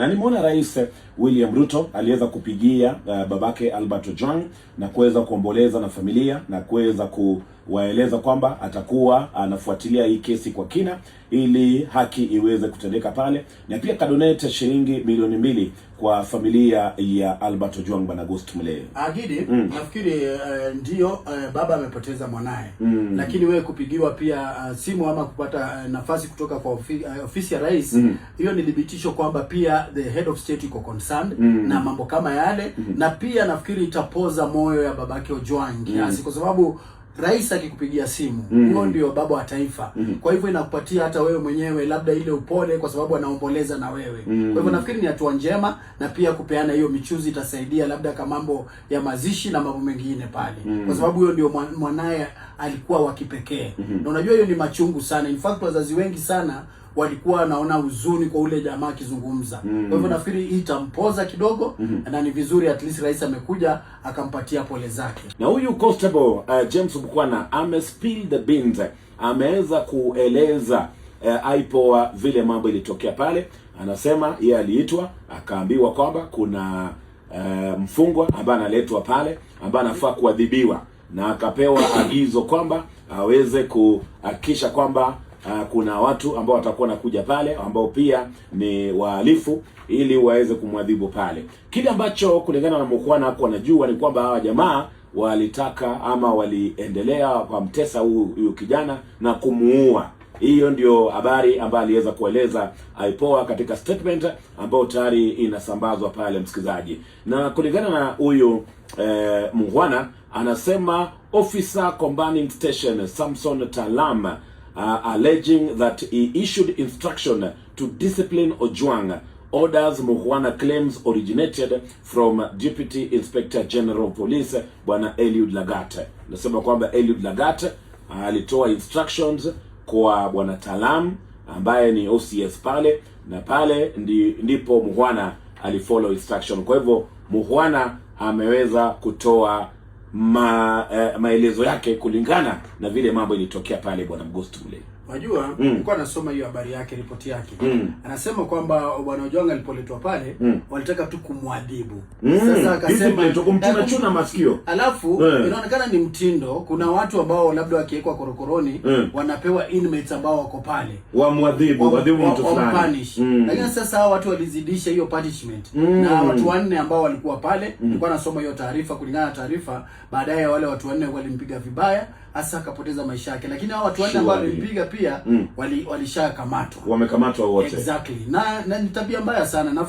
Na nimeona Rais William Ruto aliweza kupigia uh, babake Albert Ojwang na kuweza kuomboleza na familia na kuweza ku waeleza kwamba atakuwa anafuatilia hii kesi kwa kina ili haki iweze kutendeka pale, na pia kadoneta shilingi milioni mbili kwa familia ya Albert Ojwang Ghost Mulee. Agidi mm. nafikiri uh, ndio uh, baba amepoteza mwanaye mm. lakini wewe kupigiwa pia uh, simu ama kupata uh, nafasi kutoka kwa ofi, uh, ofisi ya rais mm. hiyo mm. ni thibitisho kwamba pia the head of state iko concerned mm. na mambo kama yale mm na pia nafikiri itapoza moyo ya babake Ojwang mm. kiasi mm. kwa sababu rais akikupigia simu huyo -hmm. ndio baba wa taifa mm -hmm. kwa hivyo inakupatia hata wewe mwenyewe labda ile upole, kwa sababu anaomboleza na wewe mm -hmm. kwa hivyo nafikiri ni hatua njema, na pia kupeana hiyo michuzi itasaidia labda kama mambo ya mazishi na mambo mengine pale mm -hmm. kwa sababu huyo ndio mwanaye alikuwa wa kipekee mm -hmm. na unajua hiyo ni machungu sana, in fact wazazi wengi sana walikuwa wanaona huzuni kwa ule jamaa akizungumza. mm -hmm. Kwa hivyo mm. nafikiri hii itampoza kidogo mm -hmm. na ni vizuri at least rais amekuja akampatia pole zake. Na huyu constable uh, James Bukwana ame spill the beans, ameweza kueleza uh, IPOA vile mambo ilitokea pale. Anasema yeye aliitwa akaambiwa kwamba kuna uh, mfungwa ambaye analetwa pale ambaye anafaa kuadhibiwa na akapewa agizo kwamba aweze kuhakikisha kwamba uh, kuna watu ambao watakuwa nakuja pale ambao pia ni wahalifu ili waweze kumwadhibu pale. Kile ambacho kulingana na Mukhwana hapo najua ni kwamba hawa jamaa walitaka ama waliendelea kumtesa huyu kijana na kumuua. Hiyo ndio habari ambayo aliweza kueleza IPOA katika statement ambayo tayari inasambazwa pale, msikilizaji, na kulingana na huyu eh, Mungwana anasema officer Combining station Samson Talama uh, alleging that he issued instruction to discipline Ojwang. Orders Mukhwana claims originated from Deputy Inspector General of Police Bwana Eliud Lagat. Nasema kwamba Eliud Lagat uh, alitoa uh, instructions kwa Bwana Talam ambaye ni OCS pale na pale ndi, ndipo Mukhwana alifollow instruction. Kwa hivyo Mukhwana ameweza kutoa ma, uh, maelezo yake kulingana na vile mambo ilitokea pale Bwana Mgostule. Unajua mm. nilikuwa nasoma hiyo habari yake, ripoti yake mm. anasema kwamba bwana Ojwang alipoletwa pale mm. walitaka tu kumwadhibu mm. Sasa akasema kumtuna chuna masikio, alafu yeah. inaonekana ni mtindo. Kuna watu ambao labda wakiwekwa korokoroni yeah. wanapewa inmates ambao wako pale wamwadhibu, wadhibu mtu fulani mm. lakini sasa watu walizidisha hiyo punishment mm. na watu wanne ambao walikuwa pale mm. nilikuwa nasoma hiyo taarifa, kulingana na taarifa baadaye wale watu wanne walimpiga vibaya, hasa akapoteza maisha yake, lakini hao watu wanne ambao walimpiga pia pia mm. walishakamatwa wali wamekamatwa wote exactly, na, na ni tabia mbaya sana na